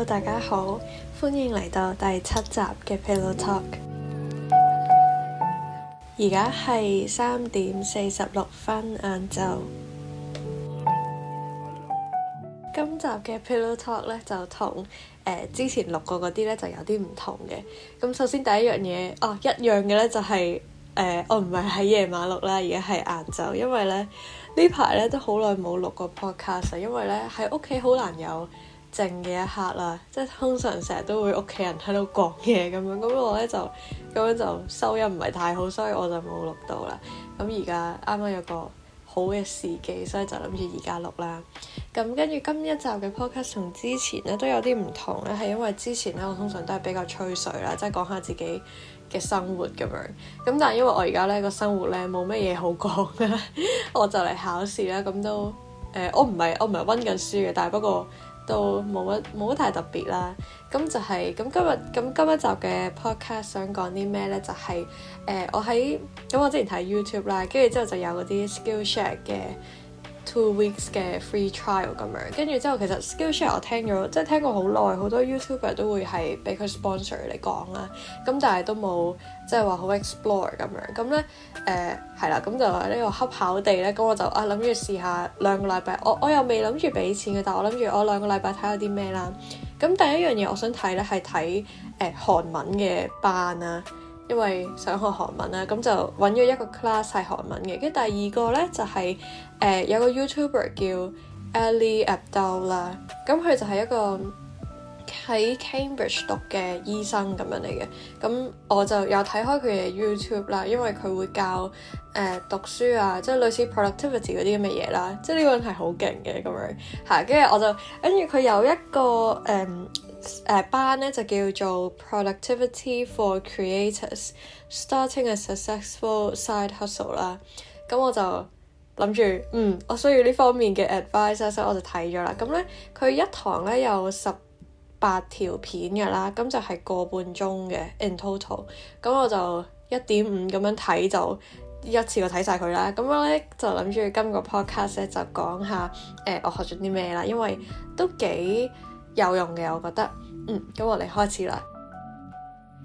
好，大家好，歡迎嚟到第七集嘅 Pillow Talk。而家係三點四十六分晏晝。今集嘅 Pillow Talk 咧，就同誒、呃、之前錄過嗰啲咧，就有啲唔同嘅。咁首先第一樣嘢，哦一樣嘅咧，就係、是、誒、呃、我唔係喺夜晚錄啦，而係晏晝，因為咧，呢排咧都好耐冇錄過 Podcast，因為咧喺屋企好難有。靜嘅一刻啦，即係通常成日都會屋企人喺度講嘢咁樣咁，我咧就咁樣就收音唔係太好，所以我就冇錄到啦。咁而家啱啱有個好嘅時機，所以就諗住而家錄啦。咁跟住今一集嘅 Podcast 同之前咧都有啲唔同咧，係因為之前咧我通常都係比較吹水啦，即係講下自己嘅生活咁樣。咁但係因為我而家咧個生活咧冇乜嘢好講啦、 呃，我就嚟考試啦，咁都誒我唔係我唔係温緊書嘅，但係不過。都冇乜冇乜太特別啦，咁就係、是、咁今日咁今一集嘅 podcast 想講啲咩呢？就係、是、誒、呃、我喺咁我之前睇 YouTube 啦，跟住之後就有嗰啲 Skillshare 嘅。Two weeks 嘅 free trial 咁樣，跟住之後其實 Skillshare 我聽咗，即係聽過好耐，好多 YouTuber 都會係俾佢 sponsor 嚟講啦。咁但係都冇即係話好 explore 咁樣。咁咧誒係啦，咁、呃、就呢個恰巧地咧，咁我就啊諗住試下兩個禮拜。我我又未諗住俾錢嘅，但係我諗住我兩個禮拜睇下啲咩啦。咁第一樣嘢我想睇咧係睇誒韓文嘅班啊。因為想學韓文啦，咁就揾咗一個 class 係韓文嘅。跟住第二個呢，就係、是、誒、呃、有個 YouTuber 叫 Ali Abdaal 啦，咁佢就係一個喺 Cambridge 讀嘅醫生咁樣嚟嘅。咁我就有睇開佢嘅 YouTube 啦，因為佢會教誒、呃、讀書啊，即係類似 productivity 嗰啲咁嘅嘢啦。即係呢個人係好勁嘅咁樣，係跟住我就跟住佢有一個誒。嗯呃、班咧就叫做 Productivity for Creators，Starting a Successful Side Hustle 啦。咁我就諗住，嗯，我需要呢方面嘅 advice 所以我就睇咗啦。咁、啊、咧，佢一堂咧有十八條片嘅啦，咁、啊、就係個半鐘嘅 in total、啊。咁我就,就一點五咁樣睇，就,就一次過睇晒佢啦。咁我咧就諗住今個 podcast 咧就講下誒我學咗啲咩啦，因為都幾。有用嘅，我覺得，嗯，咁我哋開始啦。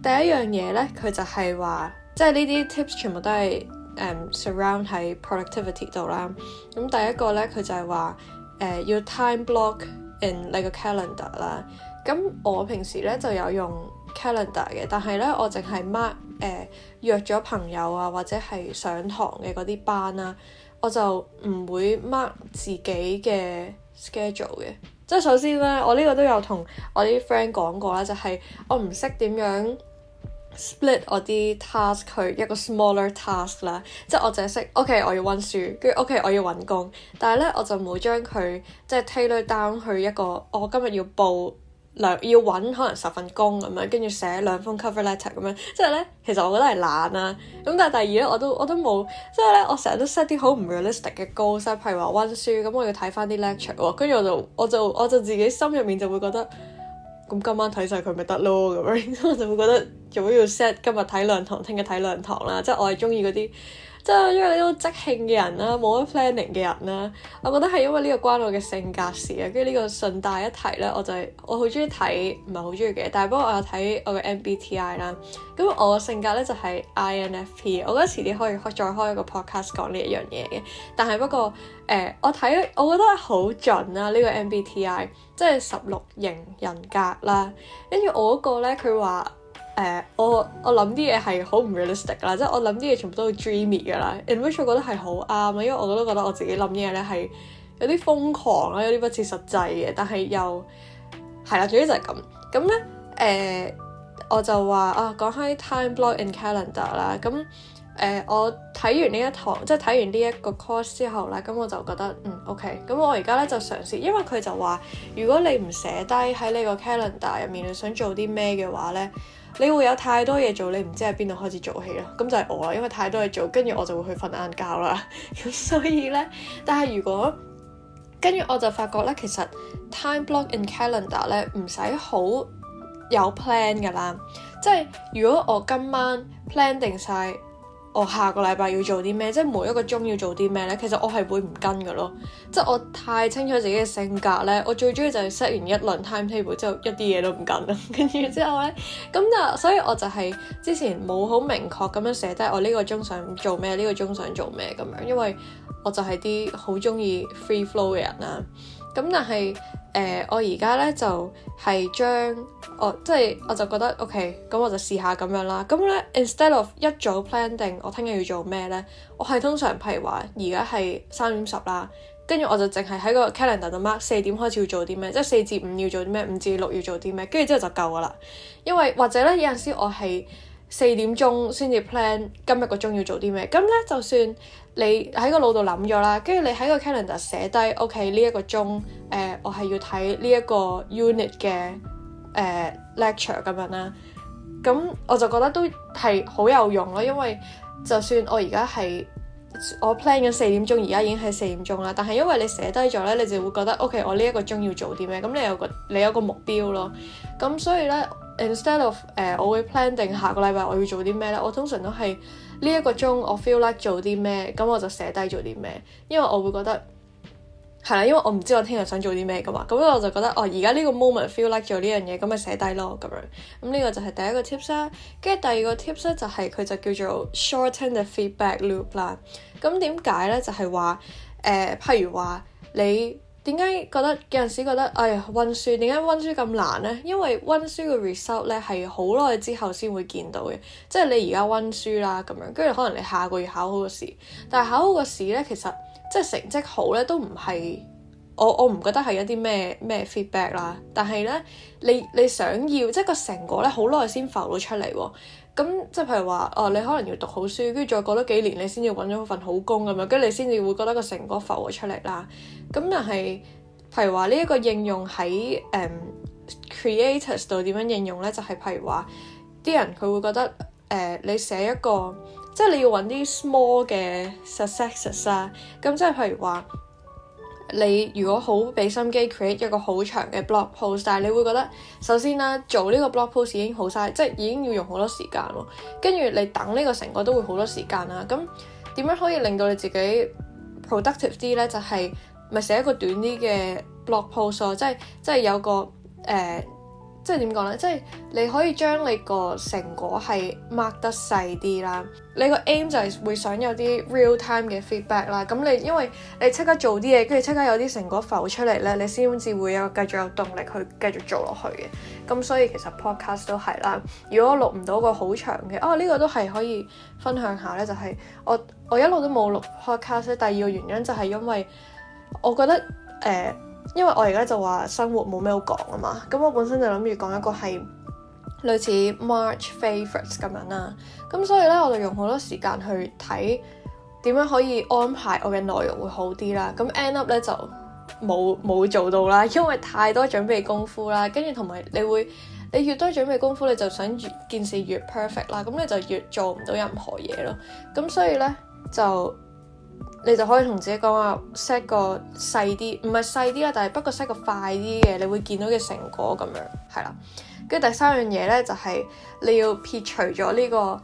第一樣嘢咧，佢就係話，即係呢啲 tips 全部都係誒、um, surround 喺 productivity 度啦。咁、嗯、第一個咧，佢就係話誒要 time block in 你個 calendar 啦。咁、嗯、我平時咧就有用 calendar 嘅，但係咧我淨係 mark 誒、呃、約咗朋友啊或者係上堂嘅嗰啲班啦、啊，我就唔會 mark 自己嘅 schedule 嘅。即係首先咧，我呢個都有同我啲 friend 講過啦，就係、是、我唔識點樣 split 我啲 task 去一個 smaller task 啦。即係我淨係識 OK 我要温書，跟住 OK 我要揾工，但係咧我就冇將佢即係、就是、tailor down 去一個我今日要報。要揾可能十份工咁樣，跟住寫兩封 cover letter 咁樣，即係呢，其實我覺得係懶啦。咁但係第二呢，我都我都冇，即係呢，我成日都 set 啲好唔 realistic 嘅 goal，即譬如話温書咁，我要睇返啲 lecture 喎，跟住我就我就我就自己心入面就會覺得，咁今晚睇晒佢咪得咯咁樣， 我就會覺得仲要 set 今日睇兩堂，聽日睇兩堂啦。即係我係中意嗰啲。即係因為呢種即興嘅人啦，冇乜 planning 嘅人啦，我覺得係因為呢個關我嘅性格事啊。跟住呢個順帶一提咧，我就係、是、我好中意睇，唔係好中意嘅。但係不過我有睇我嘅 MBTI 啦，咁我性格咧就係、是、INFP、呃。我覺得遲啲可以開再開一個 podcast 講呢一樣嘢嘅。但係不過誒，我睇我覺得好準啦，呢個 MBTI 即係十六型人格啦。跟住我嗰個咧，佢話。誒、uh，我我諗啲嘢係好唔 realistic 啦，即係我諗啲嘢全部都係 dreamy 噶啦。In which 我覺得係好啱，因為我都覺得我自己諗嘢咧係有啲瘋狂啦，有啲不切實際嘅，但係又係啦，總之就係咁。咁咧誒，我就話啊，講開 time block and calendar 啦。咁誒、呃，我睇完呢一堂，即係睇完呢一個 course 之後咧，咁我就覺得嗯 OK。咁我而家咧就嘗試，因為佢就話，如果你唔寫低喺呢個 calendar 入面你想做啲咩嘅話咧。你會有太多嘢做，你唔知喺邊度開始做起咯。咁就係我啦，因為太多嘢做，跟住我就會去瞓晏覺啦。咁 所以呢，但係如果跟住我就發覺呢，其實 time block in calendar 呢，唔使好有 plan 噶啦。即係如果我今晚 plan 定晒。我下個禮拜要做啲咩？即係每一個鐘要做啲咩呢？其實我係會唔跟嘅咯，即係我太清楚自己嘅性格呢，我最中意就係 set 完一輪 time table 之後一啲嘢都唔跟，跟住之後呢，咁就所以我就係之前冇好明確咁樣寫低我呢個鐘想做咩，呢個鐘想做咩咁樣，因為我就係啲好中意 free flow 嘅人啦。咁但係，誒、呃，我而家咧就係將我即係我就覺得 OK，咁我就試下咁樣啦。咁咧，instead of 一早 plan 定我聽日要做咩咧，我係通常譬如話，而家係三點十啦，跟住我就淨係喺個 calendar 度 mark 四點開始要做啲咩，即係四至五要做啲咩，五至六要做啲咩，跟住之後就夠噶啦。因為或者咧有陣時我係。四點鐘先至 plan 今日個鐘要做啲咩？咁咧就算你喺個腦度諗咗啦，跟住你喺個 calendar 寫低，OK 呢一個鐘，誒、okay, 呃、我係要睇呢一個 unit 嘅誒、呃、lecture 咁樣啦。咁我就覺得都係好有用咯，因為就算我而家係我 plan 緊四點鐘，而家已經係四點鐘啦。但係因為你寫低咗咧，你就會覺得 OK 我呢一個鐘要做啲咩？咁你有個你有個目標咯。咁所以咧。instead of 誒，我會 plan 定下個禮拜我要做啲咩咧。我通常都係呢一個鐘，我 feel like 做啲咩，咁我就寫低做啲咩。因為我會覺得係啦，因為我唔知我聽日想做啲咩噶嘛。咁我就覺得哦，而家呢個 moment feel like 做呢樣嘢，咁咪寫低咯咁樣。咁呢個就係第一個 tips 啦、啊。跟住第二個 tips 咧、就係，就係佢就叫做 shorten the feedback loop 啦。咁點解咧？就係話誒，譬如話你。點解覺得有陣時覺得哎呀，温書點解温書咁難呢？因為温書嘅 result 咧係好耐之後先會見到嘅，即係你而家温書啦咁樣，跟住可能你下個月考好個試，但係考好個試呢，其實即係成績好呢都唔係我我唔覺得係一啲咩咩 feedback 啦。但係呢，你你想要即係個成果呢，好耐先浮到出嚟喎。咁即係譬如話，哦，你可能要讀好書，跟住再過多幾年，你先至揾咗份好工咁樣，跟住你先至會覺得個成果浮咗出嚟啦。咁又係譬如話呢一個應用喺、嗯、creators 度點樣應用呢？就係、是、譬如話啲人佢會覺得誒、呃、你寫一個，即係你要揾啲 small 嘅 success 啊。咁即係譬如話。你如果好俾心機 create 一個好長嘅 blog post，但係你會覺得首先啦，做呢個 blog post 已經好嘥，即係已經要用好多時間咯。跟住你等呢個成果都會好多時間啦。咁點樣可以令到你自己 productive 啲呢？就係咪寫一個短啲嘅 blog post，即係即係有個誒，呃即係點講呢？即係你可以將你個成果係 mark 得細啲啦。你個 aim 就係會想有啲 real time 嘅 feedback 啦。咁你因為你即刻做啲嘢，跟住即刻有啲成果浮出嚟呢，你先至會有繼續有動力去繼續做落去嘅。咁所以其實 podcast 都係啦。如果錄唔到個好長嘅，哦，呢個都係可以分享下呢。就係我我一路都冇錄 podcast。第二個原因就係因為我覺得誒。呃因為我而家就話生活冇咩好講啊嘛，咁我本身就諗住講一個係類似 March Favorites 咁樣啦，咁所以呢，我就用好多時間去睇點樣可以安排我嘅內容會好啲啦，咁 end up 呢就冇冇做到啦，因為太多準備功夫啦，跟住同埋你會你越多準備功夫，你就想越件事越 perfect 啦，咁你就越做唔到任何嘢咯，咁所以呢，就。你就可以同自己講啊，set 個細啲，唔係細啲啦，但係不過 set 個快啲嘅，你會見到嘅成果咁樣係啦。跟住第三樣嘢咧，就係你要撇除咗呢個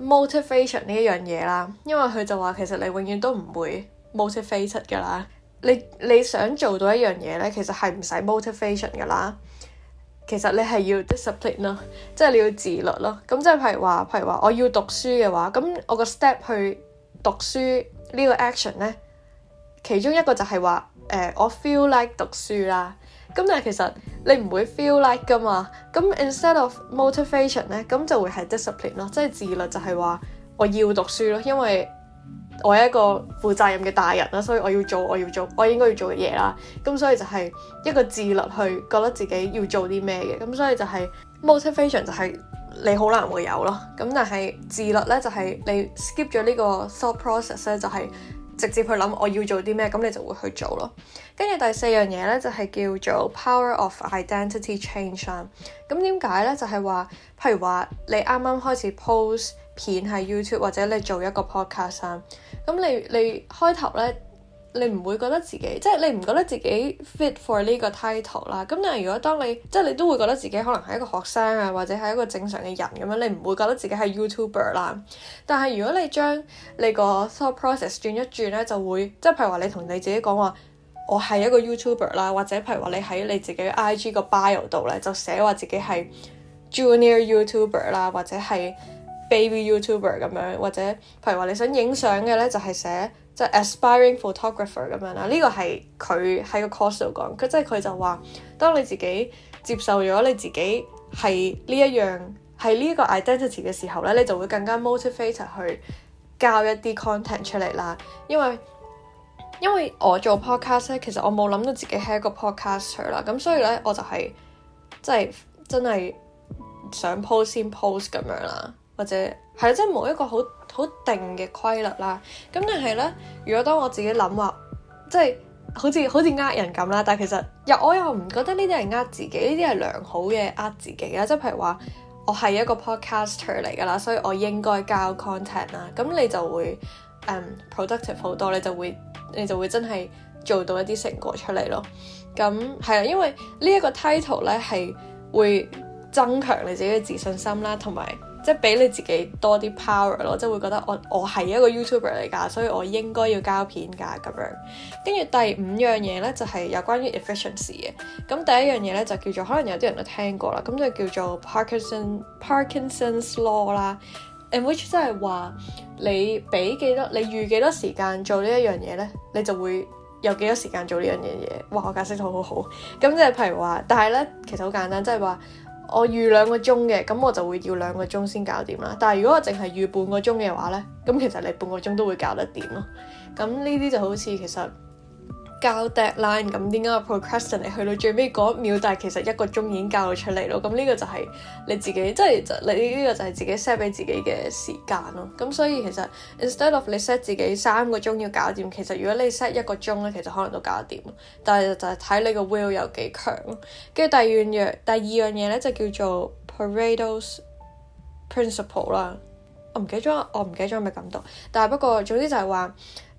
motivation 呢一樣嘢啦，因為佢就話其實你永遠都唔會 motivated 噶啦。你你想做到一樣嘢咧，其實係唔使 motivation 噶啦。其實你係要 discipline 咯，即係你要自律咯。咁即係譬如話，譬如話我要讀書嘅話，咁我個 step 去讀書。呢個 action 呢，其中一個就係話，誒、呃，我 feel like 讀書啦。咁但係其實你唔會 feel like 㗎嘛。咁 instead of motivation 呢，咁就會係 discipline 咯，即係自律就係話我要讀書咯，因為我係一個負責任嘅大人啦，所以我要做我要做我應該要做嘅嘢啦。咁所以就係一個自律去覺得自己要做啲咩嘅。咁所以就係 motivation 就係、係。你好難會有咯，咁但係自律咧就係你 skip 咗呢個 thought process 咧，就係直接去諗我要做啲咩，咁你就會去做咯。跟住第四樣嘢咧就係叫做 power of identity change 啊。咁點解咧？就係話，譬如話你啱啱開始 post 片喺 YouTube 或者你做一個 podcast 啊，咁你你開頭咧。你唔會覺得自己即係你唔覺得自己 fit for 呢個 title 啦。咁但係如果當你即係你都會覺得自己可能係一個學生啊，或者係一個正常嘅人咁樣，你唔會覺得自己係 YouTuber 啦。但係如果你將你個 thought process 轉一轉咧，就會即係譬如話你同你自己講話，我係一個 YouTuber 啦，或者譬如話你喺你自己 IG 個 bio 度咧，就寫話自己係 Junior YouTuber 啦，或者係 Baby YouTuber 咁樣，或者譬如話你想影相嘅咧，就係寫。即係 aspiring photographer 咁樣啦，呢個係佢喺個 course 度講，佢即係佢就話，當你自己接受咗你自己係呢一樣係呢一個 identity 嘅時候咧，你就會更加 motivated 去教一啲 content 出嚟啦。因為因為我做 podcast 咧，其實我冇諗到自己係一個 podcaster 啦，咁所以咧我就係即係真係想 post 先 post 咁樣啦。或者係啊，即係冇一個好好定嘅規律啦。咁但係咧，如果當我自己諗話，即係好似好似呃人咁啦。但係其實又我又唔覺得呢啲係呃自己，呢啲係良好嘅呃自己啦。即係譬如話，我係一個 podcaster 嚟㗎啦，所以我應該交 content 啦。咁你就會誒、um, productive 好多，你就會你就會真係做到一啲成果出嚟咯。咁係啊，因為呢一個 title 咧係會增強你自己嘅自信心啦，同埋。即係俾你自己多啲 power 咯，即係會覺得我我係一個 YouTuber 嚟㗎，所以我應該要交片㗎咁樣。跟住第五樣嘢咧就係、是、有關於 efficiency 嘅。咁第一樣嘢咧就叫做可能有啲人都聽過啦，咁就叫做 Parkinson, Parkinson Parkinson's Law 啦，in which 即係話你俾幾多你預幾多時間做呢一樣嘢咧，你就會有幾多時間做呢樣嘢嘅。哇，我解釋得好好。咁即係譬如話，但係咧其實好簡單，即係話。我預兩個鐘嘅，咁我就會要兩個鐘先搞掂啦。但係如果我淨係預半個鐘嘅話咧，咁其實你半個鐘都會搞得掂咯。咁呢啲就好似其實。交 deadline 咁點解 procrastinate 去到最尾嗰一秒？但係其實一個鐘已經交咗出嚟咯。咁呢個就係你自己，即係你呢個就係自己 set 俾自己嘅時間咯。咁所以其實 instead of 你 set 自己三個鐘要搞掂，其實如果你 set 一個鐘咧，其實可能都搞掂。但係就係睇你個 will 有幾強。跟住第二樣，第二樣嘢咧就叫做 paradox principle 啦。我唔記得咗，我唔記得咗係咪咁讀。但係不過總之就係話。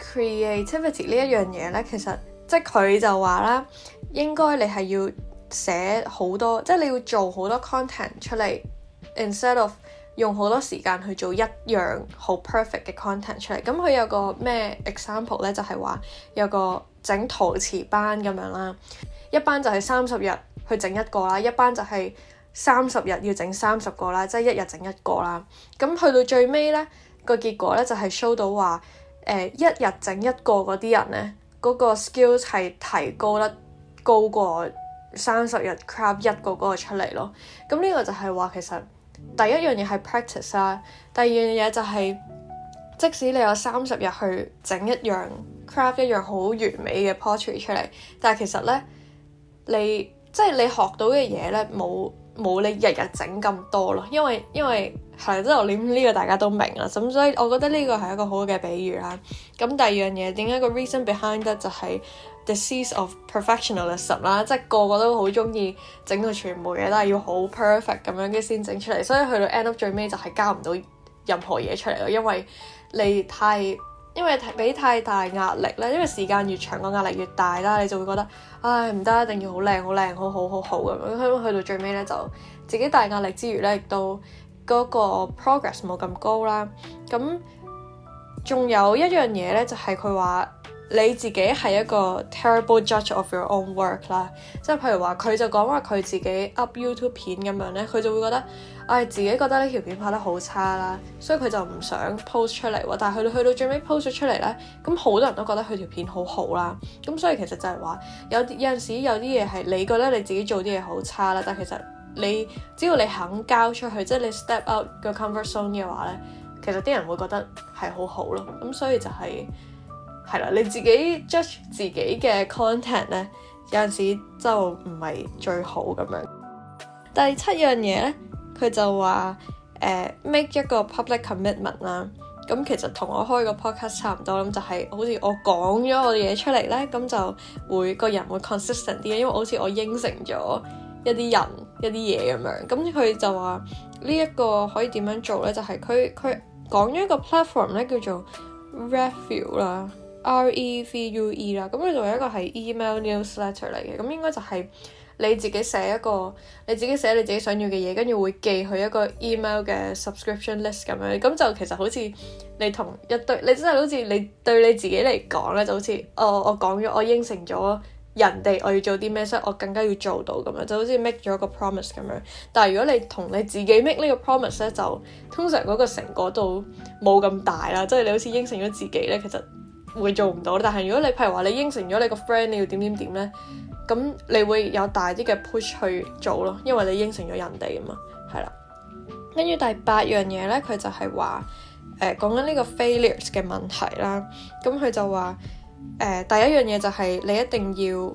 Creativity 呢一樣嘢呢，其實即係佢就話啦，應該你係要寫好多，即係你要做好多 content 出嚟，instead of 用好多時間去做一樣好 perfect 嘅 content 出嚟。咁佢有個咩 example 呢？就係話有個整陶瓷班咁樣啦，一班就係三十日去整一個啦，一班就係三十日要整三十個啦，即係一日整一個啦。咁去到最尾呢個結果呢，就係 show 到話。誒、呃、一日整一個嗰啲人呢，嗰、那個 skills 係提高得高過三十日 craft 一個嗰個出嚟咯。咁呢個就係話其實第一樣嘢係 practice 啦、啊，第二樣嘢就係即使你有三十日去整一樣 craft 一樣好完美嘅 portrait 出嚟，但係其實呢，你即係、就是、你學到嘅嘢呢，冇冇你日日整咁多咯，因為因為。係，即係我諗呢個大家都明啦，咁所以我覺得呢個係一個好嘅比喻啦。咁第二樣嘢點解個 reason behind 咧就係 the disease of perfectionism 啦，即係個個都好中意整到全部嘢都係要好 perfect 咁樣嘅先整出嚟，所以去到 end up 最尾就係交唔到任何嘢出嚟咯。因為你太因為俾太大壓力咧，因為時間越長個壓力越大啦，你就會覺得唉唔得，一定要好靚好靚好好好好咁。咁去到最尾咧就自己大壓力之餘咧亦都。嗰個 progress 冇咁高啦，咁仲有一樣嘢咧，就係佢話你自己係一個 terrible judge of your own work 啦，即係譬如話佢就講話佢自己 up YouTube 片咁樣咧，佢就會覺得，唉，自己覺得呢條片拍得好差啦，所以佢就唔想 post 出嚟喎。但係去到去到最尾 post 出嚟咧，咁好多人都覺得佢條片好好啦，咁所以其實就係話有有陣時有啲嘢係你覺得你自己做啲嘢好差啦，但係其實，你只要你肯交出去，即係你 step out 個 comfort zone 嘅話咧，其實啲人會覺得係好好咯。咁所以就係係啦，你自己 judge 自己嘅 content 咧，有陣時就唔係最好咁樣。第七樣嘢咧，佢就話誒 make 一個 public commitment 啦。咁其實同我開個 podcast 差唔多咁，就係好似我講咗我嘢出嚟咧，咁就會個人會 consistent 啲，因為好似我應承咗。一啲人一啲嘢咁樣，咁佢就話呢一個可以點樣做呢？就係佢佢講咗一個 platform 咧，叫做 Revue 啦，R-E-V-U-E 啦。咁佢作為一個係 email newsletter 嚟嘅，咁應該就係你自己寫一個，你自己寫你自己想要嘅嘢，跟住會寄去一個 email 嘅 subscription list 咁樣。咁就其實好似你同一對，你真係好似你對你自己嚟講咧，就好似我我講咗，我，我應承咗。人哋我要做啲咩，所以我更加要做到咁樣，就好似 make 咗個 promise 咁樣。但係如果你同你自己 make 呢個 promise 咧，就通常嗰個成果都冇咁大啦，即係你好似應承咗自己咧，其實會做唔到。但係如果你譬如話你應承咗你個 friend 你要點點點咧，咁你會有大啲嘅 push 去做咯，因為你應承咗人哋啊嘛，係啦。跟住第八樣嘢咧，佢就係話誒講緊呢個 failures 嘅問題啦。咁佢就話。呃、第一樣嘢就係你一定要誒、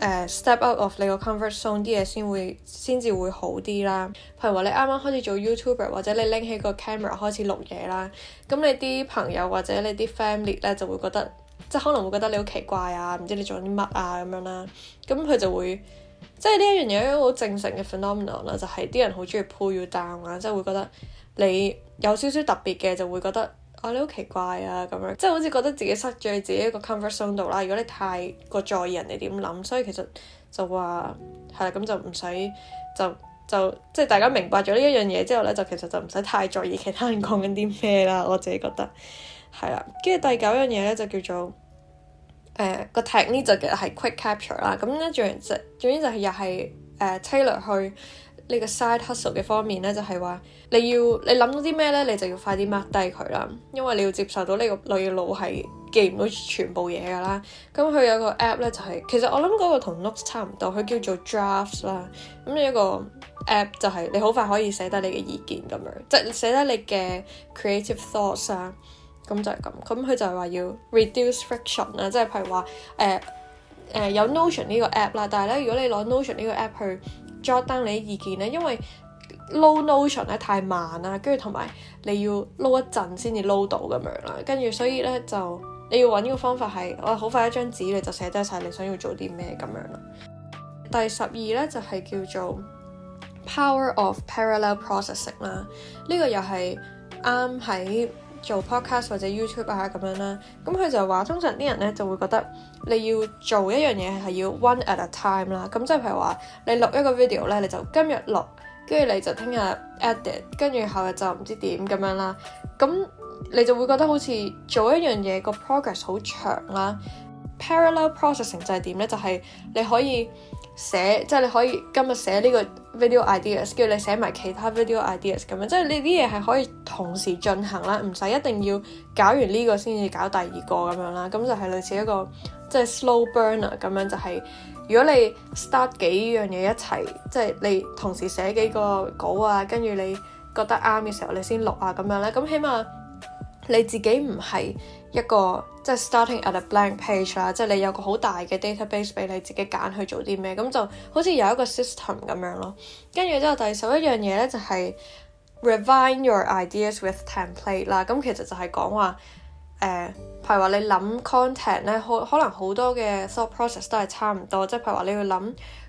呃、step out of 你個 comfort zone 啲嘢先會先至會好啲啦。譬如話你啱啱開始做 YouTuber 或者你拎起個 camera 開始錄嘢啦，咁你啲朋友或者你啲 family 咧就會覺得即係可能會覺得你好奇怪啊，唔知你做啲乜啊咁樣啦。咁佢就會即係呢一樣嘢好正常嘅 phenomenon 啦，就係啲人好中意 pull you down 啊，即係會覺得你有少少特別嘅就會覺得。啊、哦！你好奇怪啊，咁樣即係好似覺得自己塞在自己一個 comfort zone 度啦。如果你太過在意人哋點諗，所以其實就話係啦，咁就唔使就就即係大家明白咗呢一樣嘢之後咧，就其實就唔使太在意其他人講緊啲咩啦。我自己覺得係啦。跟住第九樣嘢咧就叫做 tag 呢，呃、個就係 quick capture 啦。咁咧，總言之，總之就係又係誒淒涼去。呢個 side hustle 嘅方面咧，就係、是、話你要你諗到啲咩咧，你就要快啲 mark 低佢啦，因為你要接受到呢個你嘅腦係記唔到全部嘢㗎啦。咁、嗯、佢有個 app 咧，就係、是、其實我諗嗰個同 Notes 差唔多，佢叫做 Drafts 啦。咁你一個 app 就係、是、你好快可以寫得你嘅意見咁樣，即係寫得你嘅 creative thoughts 啊。咁、嗯、就係、是、咁，咁、嗯、佢就係話要 reduce friction 啦，即係譬如話誒誒有 Notion 呢個 app 啦，但係咧如果你攞 Notion 呢個 app 去，record 你啲意見咧，因為 load notion 咧太慢啦，跟住同埋你要 load 一陣先至 load 到咁樣啦，跟住所以咧就你要揾個方法係，我、啊、好快一張紙你就寫得晒你想要做啲咩咁樣啦。第十二咧就係、是、叫做 power of parallel processing 啦，呢個又係啱喺。做 podcast 或者 YouTube 啊咁樣啦，咁、嗯、佢就話：通常啲人咧就會覺得你要做一樣嘢係要 one at a time 啦，咁、嗯、即係譬如話你錄一個 video 咧，你就今日錄，跟住你就聽日 edited，跟住後日就唔知點咁樣啦，咁、嗯、你就會覺得好似做一樣嘢個 progress 好長啦。Parallel processing 就係點咧？就係、是、你可以。寫即係你可以今日寫呢個 video ideas，叫你寫埋其他 video ideas 咁樣，即係呢啲嘢係可以同時進行啦，唔使一定要搞完呢個先至搞第二個咁樣啦。咁就係類似一個即係 slow burner 咁樣，就係如果你 start 幾樣嘢一齊，即係你同時寫幾個稿啊，跟住你覺得啱嘅時候你先錄啊咁樣咧，咁起碼。你自己唔係一個即係 starting at a blank page 啦，即係你有個好大嘅 database 俾你自己揀去做啲咩，咁就好似有一個 system 咁樣咯。跟住之後，後第十一樣嘢咧就係、是、revise your ideas with template 啦。咁、嗯、其實就係講話誒，譬如話你諗 content 咧，好可能好多嘅 thought process 都係差唔多，即係譬如話你要諗。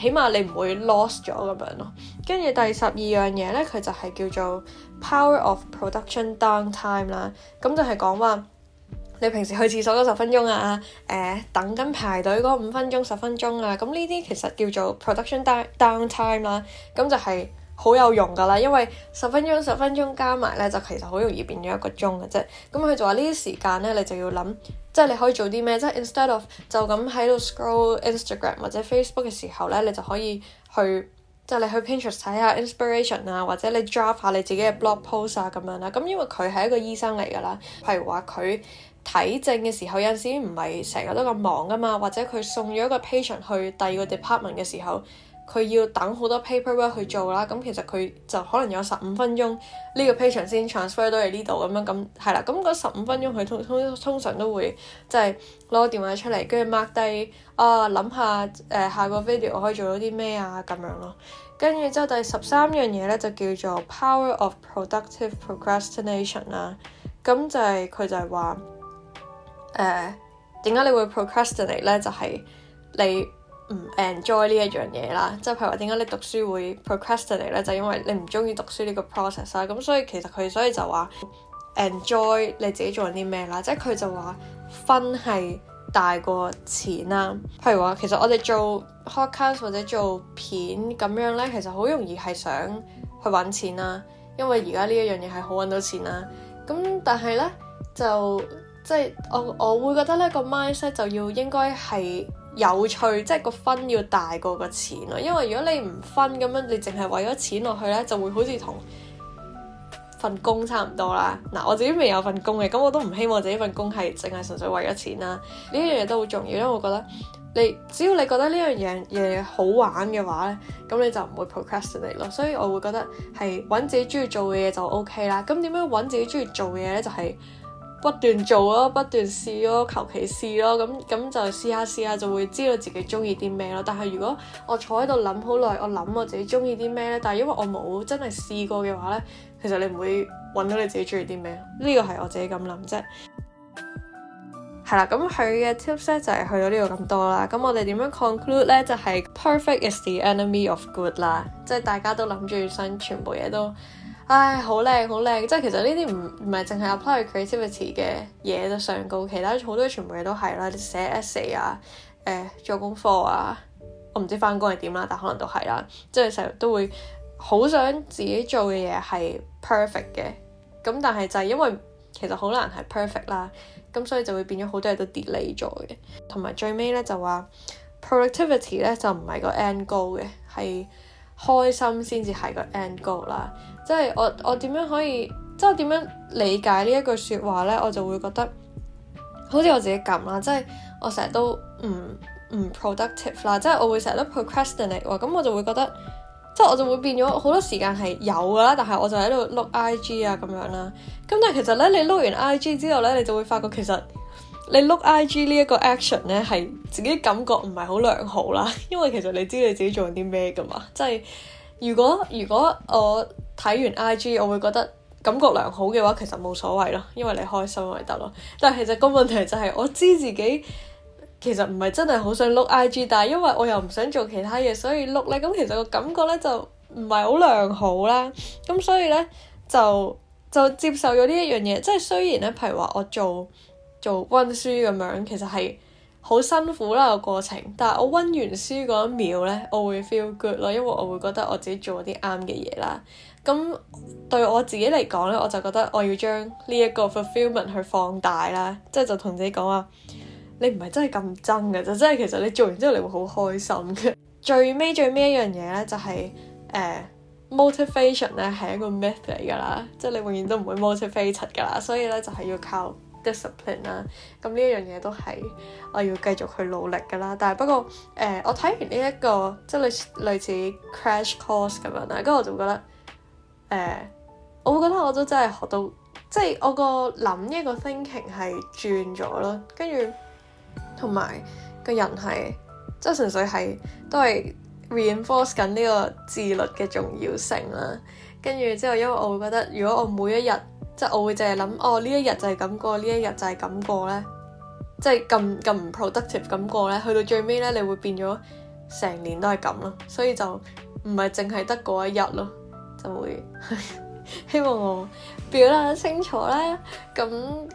起碼你唔會 lost 咗咁樣咯，跟住第十二樣嘢咧，佢就係叫做 power of production downtime 啦，咁就係講話你平時去廁所嗰十分鐘啊，誒、呃、等緊排隊嗰五分鐘、十分鐘啊，咁呢啲其實叫做 production downtime 啦，咁就係。好有用噶啦，因為十分鐘、十分鐘加埋咧，就其實好容易變咗一個鐘嘅啫。咁、嗯、佢就話呢啲時間咧，你就要諗，即係你可以做啲咩？即係 instead of 就咁喺度 scroll Instagram 或者 Facebook 嘅時候咧，你就可以去，即係你去 Pinterest 睇下 inspiration 啊，或者你 draft 下你自己嘅 blog post 啊咁樣啦。咁、嗯、因為佢係一個醫生嚟噶啦，譬如話佢睇症嘅時候有時唔係成日都咁忙噶嘛，或者佢送咗一個 patient 去第二個 department 嘅時候。佢要等好多 paperwork 去做啦，咁其實佢就可能有十五分鐘呢個 patient 先 transfer 到嚟呢度咁樣，咁係啦，咁嗰十五分鐘佢通通通,通常都會就係攞電話出嚟，跟住 mark 低啊，諗、哦、下誒、呃、下個 video 我可以做到啲咩啊咁樣咯，跟住之後第十三樣嘢咧就叫做 power of productive procrastination 啦，咁就係、是、佢就係話誒點解你會 procrastinate 咧？就係、是、你。唔 enjoy 呢一樣嘢啦，即係譬如話點解你讀書會 procrastinate 咧？就是、因為你唔中意讀書呢個 process 啦、啊。咁所以其實佢所以就話 enjoy 你自己做緊啲咩啦。即係佢就話、是、分係大過錢啦、啊。譬如話其實我哋做 podcast 或者做片咁樣咧，其實好容易係想去揾錢啦、啊。因為而家呢一樣嘢係好揾到錢啦、啊。咁但係咧就即係、就是、我我會覺得呢、呢個 mindset 就要應該係。有趣，即係個分要大過個錢咯。因為如果你唔分咁樣，你淨係為咗錢落去呢，就會好似同份工差唔多啦。嗱，我自己未有份工嘅，咁我都唔希望自己份工係淨係純粹為咗錢啦。呢樣嘢都好重要，因為我覺得你只要你覺得呢樣嘢嘢好玩嘅話呢，咁你就唔會 procrastinate 咯。所以我會覺得係揾自己中意做嘅嘢就 OK 啦。咁點樣揾自己中意做嘅嘢呢？就係、是。不斷做咯，不斷試咯，求其試咯，咁咁就試下試下，就會知道自己中意啲咩咯。但係如果我坐喺度諗好耐，我諗我自己中意啲咩咧？但係因為我冇真係試過嘅話咧，其實你唔會揾到你自己中意啲咩。呢個係我自己咁諗啫。係啦，咁、嗯、佢嘅 tips 咧就係、是、去到呢度咁多啦。咁、嗯、我哋點樣 conclude 咧？就係、是、perfect is the enemy of good 啦，即、就、係、是、大家都諗住想全部嘢都。唉，好靚，好靚。即係其實呢啲唔唔係淨係 apply creativity 嘅嘢，就上高其他好多全部嘢都係啦。你寫 essay 啊，誒、呃、做功課啊，我唔知返工係點啦，但可能都係啦。即係成日都會好想自己做嘅嘢係 perfect 嘅。咁但係就係因為其實好難係 perfect 啦，咁所以就會變咗好多嘢都 delay 咗嘅。同埋最尾咧就話 productivity 咧就唔係個 end goal 嘅，係開心先至係個 end goal 啦。即係我，我點樣可以即係，點樣理解呢一句說話咧？我就會覺得好似我自己咁啦。即係我成日都唔唔 productive 啦，即係我會成日都 procrastinate 咁、哦、我就會覺得，即係我就會變咗好多時間係有噶啦，但係我就喺度碌 I G 啊，咁樣啦。咁但係其實咧，你碌完 I G 之後咧，你就會發覺其實你碌 I G 呢一個 action 咧係自己感覺唔係好良好啦，因為其實你知道你自己做緊啲咩噶嘛。即係如果如果我。睇完 IG，我會覺得感覺良好嘅話，其實冇所謂咯，因為你開心咪得咯。但係其實個問題就係、是，我知自己其實唔係真係好想碌 IG，但係因為我又唔想做其他嘢，所以碌呢，咁其實個感覺呢，就唔係好良好啦。咁所以呢，就就接受咗呢一樣嘢，即係雖然呢，譬如話我做做温書咁樣，其實係。好辛苦啦個過程，但係我温完書嗰一秒咧，我會 feel good 咯，因為我會覺得我自己做咗啲啱嘅嘢啦。咁對我自己嚟講咧，我就覺得我要將呢一個 fulfilment l 去放大啦，即係就同、是、自己講話、啊，你唔係真係咁憎嘅，就是、真係其實你做完之後你會好開心嘅。 最尾最尾一樣嘢咧就係、是、誒、呃、motivation 咧係一個 myth 嚟㗎啦，即、就、係、是、你永遠都唔會 motivated 㗎啦，所以咧就係、是、要靠。Discipline 啦，咁呢一樣嘢都係我要繼續去努力㗎啦。但係不過誒、呃，我睇完呢、這、一個即係類似類似 crash course 咁樣啦，跟住我就覺得誒、呃，我會覺得我都真係學到，即係我個諗呢一個 thinking 係轉咗咯。跟住同埋個人係即係純粹係都係 reinforce 緊呢個自律嘅重要性啦。跟住之後因為我會覺得如果我每一日即係我會淨係諗，哦，呢一日就係咁過，呢一日就係咁過咧，即係咁咁唔 productive 咁過咧，去到最尾咧，你會變咗成年都係咁咯，所以就唔係淨係得嗰一日咯，就會希望我表達清楚咧。咁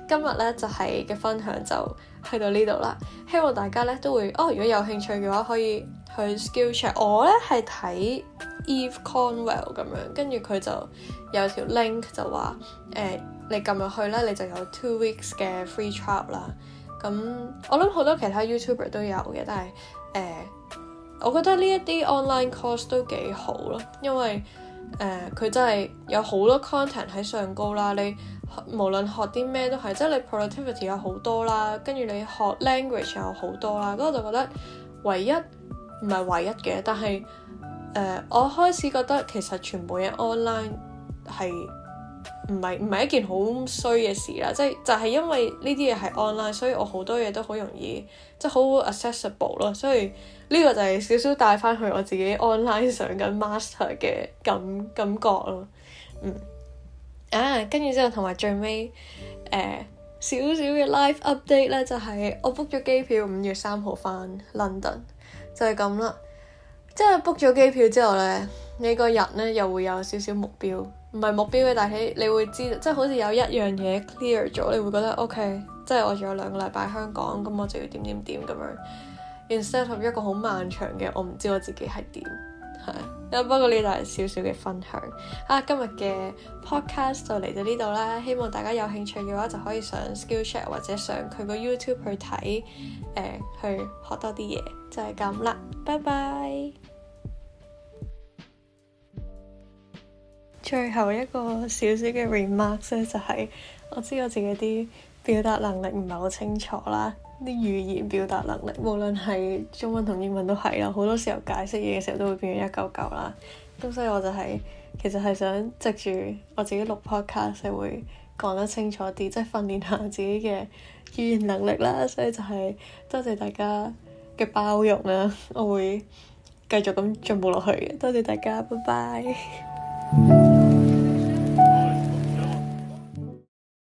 今日咧就係嘅分享就去到呢度啦，希望大家咧都會哦，如果有興趣嘅話可以去 SkillShare。我咧係睇 Eve Cornwell 咁樣，跟住佢就。有條 link 就話誒、呃，你撳入去咧，你就有 two weeks 嘅 free trial 啦。咁我諗好多其他 YouTuber 都有嘅，但係誒、呃，我覺得呢一啲 online course 都幾好咯，因為誒佢、呃、真係有好多 content 喺上高啦。你無論學啲咩都係，即係你 productivity 有好多啦，跟住你學 language 有好多啦。咁我就覺得唯一唔係唯一嘅，但係誒、呃，我開始覺得其實全部嘢 online。係唔係唔係一件好衰嘅事啦，即係就係、是、因為呢啲嘢係 online，所以我好多嘢都好容易，即係好 accessible 咯。所以呢個就係少少帶翻去我自己 online 上緊 master 嘅感感覺咯。嗯啊，跟住之後同埋最尾誒少少嘅 life update 咧，就係、是、我 book 咗機票五月三號翻 London，就係、是、咁啦。即係 book 咗機票之後咧，你個人咧又會有少少目標。唔係目標嘅，但係你會知道，即係好似有一樣嘢 clear 咗，你會覺得 OK，即係我仲有兩個禮拜香港，咁我就要點點點咁樣，instead of 一個好漫長嘅，我唔知我自己係點，係。不過呢度係少少嘅分享。啊，今日嘅 podcast 就嚟到呢度啦，希望大家有興趣嘅話，就可以上 Skillshare 或者上佢個 YouTube 去睇，誒、呃，去學多啲嘢，就係咁啦，拜拜。最後一個少少嘅 remark 咧，就係我知我自己啲表達能力唔係好清楚啦，啲語言表達能力，無論係中文同英文都係啦，好多時候解釋嘢嘅時候都會變成「一嚿嚿」啦。咁所以我就係、是、其實係想藉住我自己錄 podcast 就會講得清楚啲，即、就、係、是、訓練下自己嘅語言能力啦。所以就係多謝大家嘅包容啦，我會繼續咁進步落去。多謝大家，拜拜。